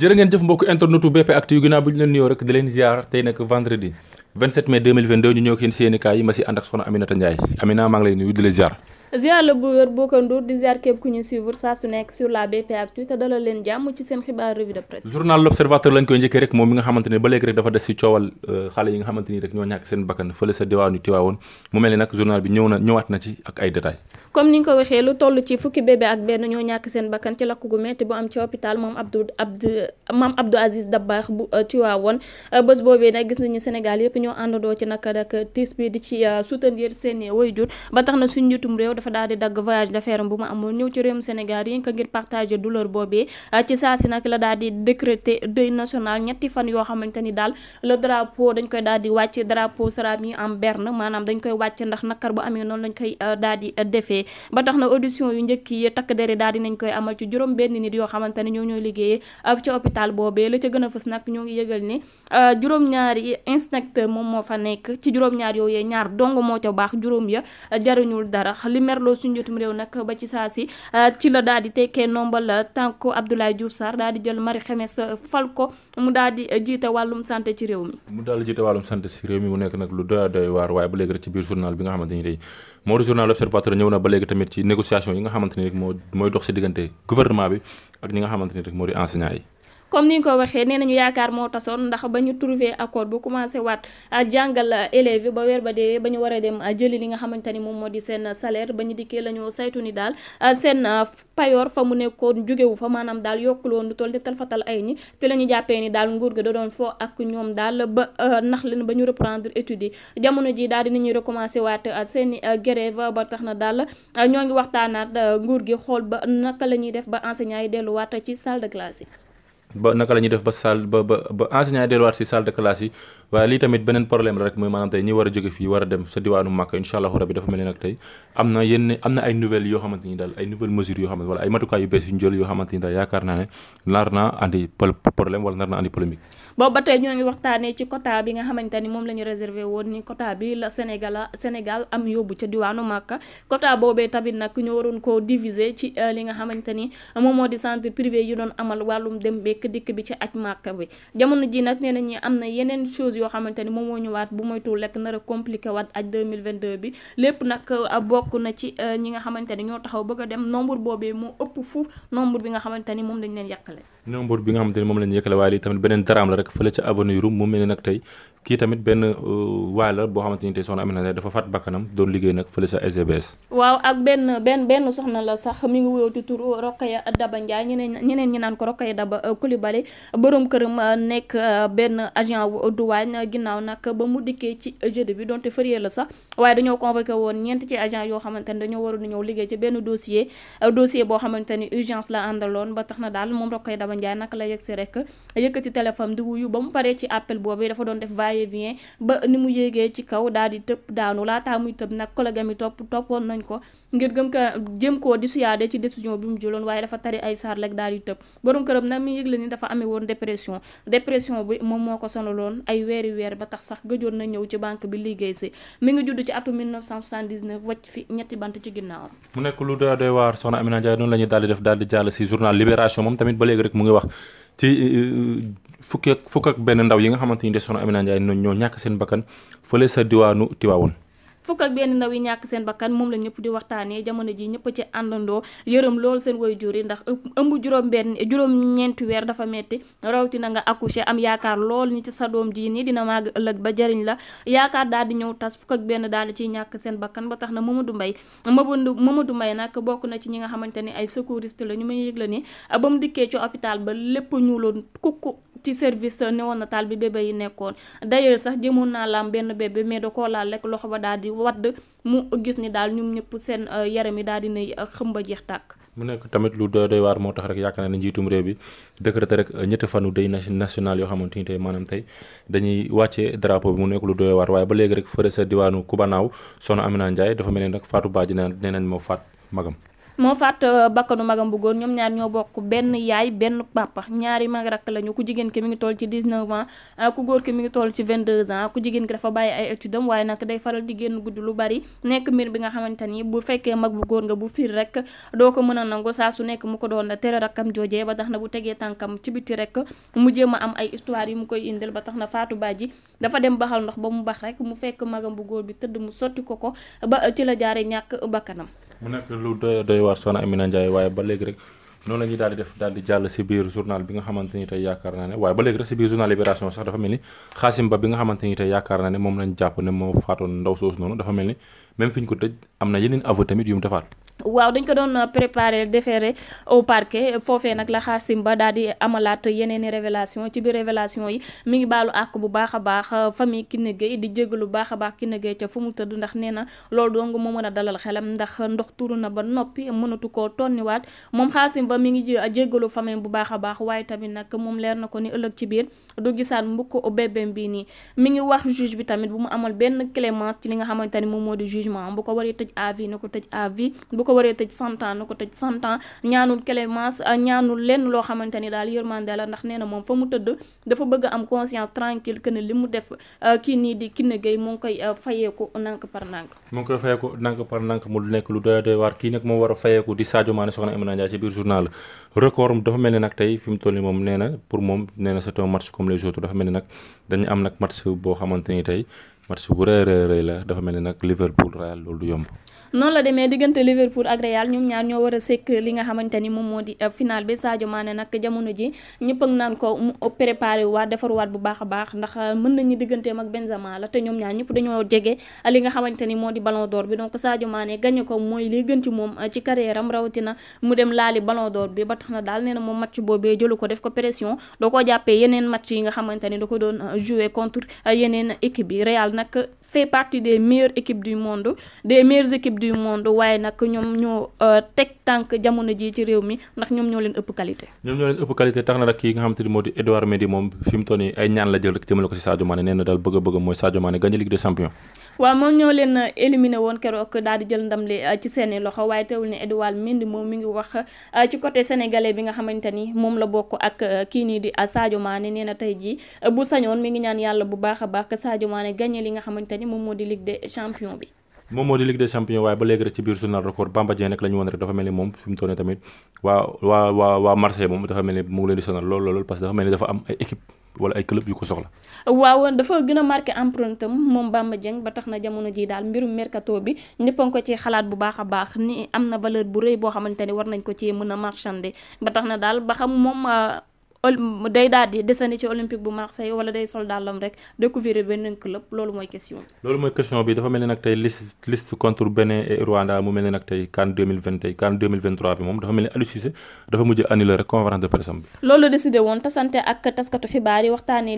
jërë ngeen jëf mbokk internetu BP Actu yu ginnaaw bu ñu leen nuyoo rek di leen ziar tey nag vendredi 27 mai 2022 ñu ñëw ak yéen kaay yi ma si ànd ak soxna Aminata Ndiaye Amina maa ngi lay nuyu di la ziar ziar la bu wër Boucar Ndour di ziar képp ku ñu suivre saa su nekk sur la BP Actu te dalal leen jàmm ci seen xibaar revue de presse journal l'observateur lañ koy njëkkee euh, bi na ñëwaat na ci ak ay détails comme ni nga ko waxee lu toll ci fukki bébé ak benn ñoo ñàkk seen bakkan ci lakk gu metti bu am ci hôpital moom Abdou Abdou maam Abdou Aziz Dabakh bu euh, Tiwaawoon euh, bés boobee nag gis nañu Sénégal yëpp ñoo àndandoo ci naka ak tiis bi di ci soutenir seen waajur ba tax na suñu njiitum réew dafa daal di dagg voyage d'affaires bu mu amoon ñëw ci réewum Sénégal rien que ngir partager douleur boobee ci saa si nag la daal di décréter deuil national ñetti fan yoo xamante ni daal le drapeau dañ koy daal di wàcc drapeau sera mis en berne maanaam dañ koy wàcc ndax nakar bu amee noonu lañ koy euh, daal di defee ba tax na audition yu njëkk yi takk deri daal di nañ koy amal ci juróom benn nit yoo xamante ne ñoo ñooy liggéeyee euh, ci hôpital boobee la ca gën a fës nag ngi yëgal ne euh, juróom-ñaari inspecteur moom moo fa nekk ci juróom-ñaar yooyee ñaar dong moo ca merloo suñu jotum réew nag ba ci saa si ah, ci la daal di tekkee nombal tànku Abdoulaye Diouf Sarr daal di jël Marie Khemesse Falco mu ci réew mi. mu daal di jiite wàllum santé ci réew mi mu nekk nag lu doy doy waar waaye ba léegi rek ci biir journal bi nga xamante ni moo di journal observateur ñëw na ba léegi tamit ci négociation yi nga xamante ni rek moo mooy dox si diggante gouvernement bi ak ñi nga xamante ni rek moo di enseignant yi. comme ni nga ko waxee nee nañu yaakaar moo tasoon ndax ba ñu trouver accord bu commencé waat jàngal élèves ba weer ba deewee ba ñu war a dem jëli li nga xamante ni moom moo di seen salaire ba ñu dikkee la ñu saytu ni daal seen payoor fa mu nekkoon jógewu fa maanaam daal yokkuloon lu toll tal fatal ay ñi te la ñu jàppee ni daal nguur gi da doon foo ak ñoom daal ba nax leen ba ñu reprendre études yi jamono ji daal dinañuy recommencer waat seen i grève ba tax na daal ñoo ngi waxtaanaat nguur gi xool ba naka la ñuy def ba enseignants yi delluwaat ci salle de ba naka la ñuy def ba salle ba ba ba enseignant yi delluwaat si salle de classe si waaye lii tamit beneen problème la rek mooy maanaam tey ñi war a jóge fii war a dem sa diwaanu Màkka incha allahu rabi dafa mel ni nag tey am na ay nouvelles yoo xamante ni daal ay nouvelles ay matukaay yoo xamante ni naa ne nar ci diwaanu Màkka quota boobee koo diviser ci euh, li nga xamante ni moom moo di centre privé yu doon amal wàllum dem bekk dikk bi ci aj Màkka bi jamono ji nag nee nañ am na yeneen chose yoo xamante ni moom moo ñëwaat bu moytuwul rek nar a compliqué waat aj 2022 bi lépp nag euh, bokk na ci euh, ñi nga xamante ni ñoo taxaw bëgg a dem nombre boobee moo ëpp fu nombre bi nga xamante ni moom dañ leen yàqale nombre bi nga xamante moom lañ yëkkale waaye lii tamit beneen daraam la rek fële ca avenue Roume mu mel nag tey kii tamit benn euh, waay la boo xamante ni tey soxna Aminata dafa faat bakkanam doon liggéey nag fële ca SGBS waaw ak la sax mi ngi wuyoo ci tur Rokhaya Daba Ndiaye ñeneen ñi naan ko Rokhaya Daba Coulibaly euh, borom këram euh, nekk benn agent wu douane ginnaaw nag ba mu dikkee ci jeudi bi donte férié la sax waaye dañoo convoqué woon ñeent ci agent yoo xamante ni dañoo waroon ñëw liggéey ci benn dossier dossier boo xamante ni urgence la àndaloon ba tax na daal moom Rokhaya Daba Daba Ndiaye naka la yegg si rek yëkkati téléphone di wuyu ba mu paree ci appel boobu dafa doon def va et ba ni mu yéegee ci kaw daal di tëb daanu laataa muy tëb nag collègue mi topp toppoon nañ ko ngir gëm ka jëm koo dissuader ci décision bi mu jëloon waaye dafa tari ay saar rek daal di tëb borom këram nag mi dafa amee woon dépression dépression bi moom moo ko sonaloon ay weeri weer ba tax sax gëjoon na ñëw ci banque bi liggéey si mi ngi judd ci atum 1979 wàcc fi ñetti bant ci ginnaawam. mu nekk lu doy doy waar soxna Amina la daal di def daal di jàll si journal Libération moom tamit ba léegi rek mu ngi wax ci euh, euh, fukk ak fukk ak benn ndaw yi nga xamante ni de soxna Amina Ndiaye ñoo ñàkk seen bakkan fële sa diwaanu Tiwaawoon. fukk ak benn ndaw yi ñàkk seen bakkan moom la ñëpp di waxtaanee jamono ji ñëpp ci àndandoo yërëm loolu seen way jur yi ndax ëmb juróom benn juróom ñeenti weer dafa metti rawatina nga accoucher am yaakaar lool ni ci sa doom ji nii dina màgg ëllëg ba jariñ la yaakaar daal di ñëw tas fukk ak benn daal di ciy ñàkk seen bakkan ba tax na Mamadou Mbaye Mamadou du Mbaye nag bokk na ci ñi nga xamante ni ay secouriste la ñu may yëg la ni ba mu dikkee ci hôpital ba lépp ñuuloon kukku ci service néonatal bi bébé yi nekkoon d'ailleurs sax jëmoon naa laam benn bébé mais da laa lekk rek loxo ba daal di wadd mu gis ni daal ñoom ñëpp seen euh, yaram yi daal di nay euh, xëmba jeex tàkk. mu nekk tamit lu doy doy waar moo tax rek yaakaar na ne njiitum réew bi décrété rek ñetti fanu day national yoo xamante ni tey maanaam tey dañuy wàccee drapeau bi mu nekk lu doy waar waaye ba léegi rek fëre sa diwaanu Kubanaaw soxna Amina Ndiaye dafa mel ne nag Fatou Badji nee nañ moo faat magam. moo faat euh, bakkanu magam bu góor ñoom ñaar ñoo bokk benn yaay benn papa ñaari mag rakk lañu ku jigéen ki mi ngi toll ci 19 ans euh, ku góor ki mi ngi toll ci 22 ans ku jigéen ki dafa bàyyi ay études waaye nag day faral di génn gudd lu bari nekk mbir bi nga xamante ni bu fekkee mag bu góor nga bu fiir rek doo ko mën a nangu saa su nekk mu ko doon tere rakkam joojee ba tax na bu tegee tànkam ci biti rek mu jéem a am ay histoire yu mu koy indil ba tax na Fatou Badji dafa dem baxal ndox ba mu bax rek mu fekk magam bu góor bi tëdd mu sotti ko ko ba ci la jaare ñàkk bakkanam mu nekk lu doy doy waar soxna Amina Ndiaye waaye ba léegi rek noonu la ñuy di def daal di jàll si biir journal bi nga xamante ni tey yaakaar naa ne waaye ba léegi rek si biir journal libération sax dafa mel ni Xaasim Ba bi nga xamante ni tey yaakaar naa ne moom lañ jàpp ne moo faatoon ndaw soosu noonu dafa mel ni même fi ko tëj am na yeneen aveu tamit yu mu defaat waaw dañ ko doon euh, préparer déféré au parquet foofee nag la Xaasim Ba daal di amalaat yeneen i révélation ci biir révélation yi mi ngi baalu àq bu baax a baax euh, famille Kiné Gueye di jégalu baax a baax Kiné Gueye ca fu mu tëdd ndax nee na loolu dong moo mën a dalal xelam ndax ndox tuuru na ba noppi mënatu koo tonniwaat moom Xaasim Ba mi ngi jégalu famille bu baax a baax waaye tamit nag moom leer na ko ni ëllëg ci biir du gisaan mbukk bébém bii nii mi ngi wax juge bi tamit bu mu amal benn clémence ci li nga xamante ni moom moo di jugement bu ko war a tëj à ko tëj à ko waree tëj cent ans na ko tëj cent ans ñaanul clémence euh, ñaanul lenn loo xamante ni daal yërmande la ndax nee na moom fa mu tëdd dafa bëgg am conscience tranquille que li mu def euh, kii nii di Kiné Gueye mu ngi koy euh, fayeeku nank par nank mu ngi koy fayeeku nank par mu nekk lu doy doy waar kii nag moo war a fayeeku di Sadio Mané soxna Imana Ndiaye ci biir journal record dafa mel ni nag tey fi mu toll nii moom nee na pour moom nee na c'est un match comme les autres dafa mel ni nag dañu am nag match boo xamante ni tey match bu rëy rëy rëy la dafa mel ni nag Liverpool Real loolu du yomb noonu la demee diggante Liverpool ak Real ñoom ñaar ñoo war a sekk li nga xamante moom moo di eh, final bi Sadio Mané nag jamono ji ñëpp ak naan ko mu préparé waat defarwaat bu baax baax ndax eh, mën nañu digganteem ak Benzema la te ñoom ñaar ñëpp dañoo jege li nga xamante ni moo di Ballon d'Or bi donc Sadio Mané gagné ko mooy li gën ci moom eh, ci carrière am rawatina mu dem laali Ballon d'Or bi ba tax na daal nee na moom match boobee jëlu ko def ko pression doo ko jàppee yeneen match yi nga xamante ni da ko doon jouer contre yeneen équipe yi Real nag fait partie des meilleures équipes du monde des coupe du monde waaye nag ñoom ñoo euh, teg tànk jamono ji ci réew mi ndax ñoom ñoo leen ëpp qualité. ñoom ñoo leen ëpp qualité tax na rek ki nga xamante ni moo di Edouard Mendy moom fi mu toll nii ay ñaan la jël rek jëmale euh, woon keroog daal di jël ndam li euh, ci seeni loxo waaye teewul ne Edouard moom mi ngi wax ci côté sénégalais bi nga xamante ni moom la bokk ak kii nii di Sadio Mané nee na tey jii bu sañoon mi ngi ñaan yàlla bu baax a baax que Sadio Mané li nga xamante ni moom moo di Ligue des champions bi moom moo di Ligue des Champions waaye ba léegi rek ci biir journal record Bamba Dieng rek la ñu woon rek dafa mel ni moom dafa mel ni mu ngi leen di sonal lool lool parce dafa mel ni dafa am ay équipe wala ay club yu ko soxla. waaw dafa gën a marqué empreinte moom Bamba Dieng ba tax na jamono ji daal mbirum mercato bi ñëpp a ngi ko ci xalaat bu baax a baax ni am na valeur bu rëy boo xamante ne war nañ ko ci mën a marchander ba tax na daal ba xam moom day desandi ci olympique bu Marseille wala day sol dàllam rek découvrir benn club loolu mooy question bi. dafa mel ak taskatu xibaar yi waxtaanee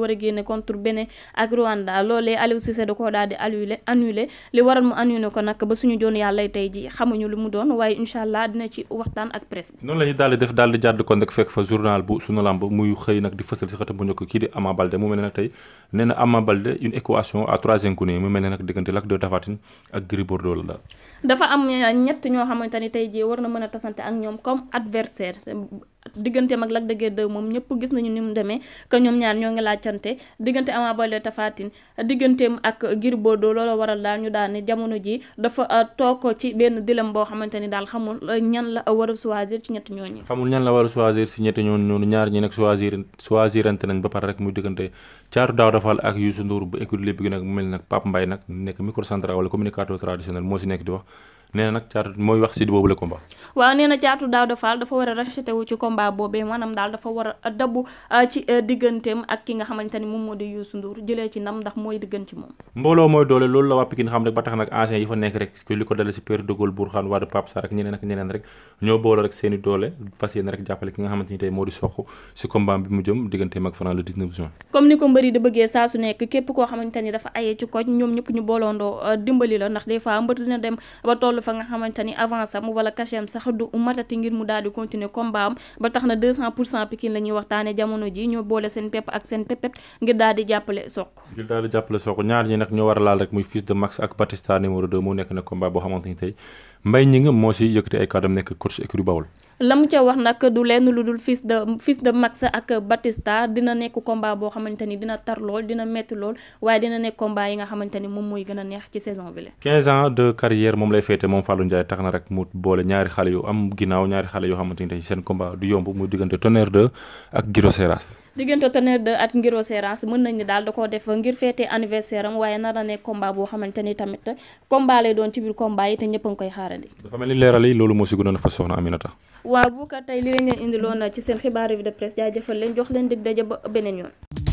li ak Rwanda loolee Aliou Cissé da daal di annulé annulé li waral mu annulé ko nag ba suñu joon yàlla tey ji xamuñu lu mu doon waaye incha allah dina ci waxtaan ak presse. presse noonu la ñuy def daal jàdd kon nag fekk fa journal bu sunu làmb muy xëy nag di fësal si xëtam bu njëkk kii di Ama Balde mu mel ne nag tey nee na Balde une équation à trois inconnues mu mel ne nag diggante Lac de Tapha ak Gris Bordeaux la dafa am ñett ñoo xamante ni tey jii war na mën a tasante ak ñoom comme adversaire digganteem ak lag de Guiers moom ñëpp gis nañu ni mu demee que ñoom ñaar ñoo ngi laajante diggante Ama Baldé Tapha Tine digganteem ak Gris Bordeaux loolu waral daal ñu daal ni jamono ji dafa euh, toog ci benn dilem boo xamante ni daal euh, xamul ñan la war a choisir ci ñetti ñooñu. xamul ñan la war a choisir si ñetti ñooñu noonu ñaar ñi nag choisir choisirante nañ ba pare rek muy diggante Thiatou Daouda Fall ak Youssou Ndour bu écurie Lébigui nag mu mel nag Pape Mbaye nag moo si nekk di wax. nee na nag caatu mooy wax dafa war a racheté ci combat boobee maanaam daal dafa war a dabu ci digganteem ak ki nga xamante yi fa moo di soq si combat bi mu jëm digganteem ak Franc le 19 comme ni ko mbëri di bëggee saa su nekk képp koo xamante ni dafa ayee ci koñ ñoom ñëpp ñu booloondoo dimbali la ndax des fois mbër dina dem ba toll fa nga xamante ni avance am wala cachet am sax du matati ngir mu daal di continuer combat am ba tax na 200 pour cent Pikine la waxtaane jamono ji ñoo boole seen pepp ak seen peppet ngir daal di jàppale Sokh ngir daal di jàppale Sokh ñaar ñi nag ñoo war a laal muy fils de Max ak Batista numéro 2 moo nekk na boo xamante tey Mbaye ñi moo si yëkkati ay kàddam nekk coach écurie Bawol la mu ca wax nag du lenn lu dul fils de fils de Max ak Batista dina nekk combat boo xamante ni dina tar lool dina metti lool waaye dina nekk combat yi nga xamante ni mooy gën a neex ci saison bi la. 15 ans de carrière moom lay féete moom Fallou Ndiaye xamante ni seen combat du yomb muy diggante Tonnerre 2 ak Guiro Seras. diggante Tonnerre 2 ak Guiro Seras ngir féete anniversaire am a boo xamante ni tamit combat lay doon ci biir combat yi te ñëpp a ngi koy xaarandi. dafa mel ni leeral yi loolu moo si gënoon a fas soxna Aminata waaw bu ko tey li la leen na ci seen xibaar revue de presse jaajëfal leen jox leen dig daje ba beneen yoon.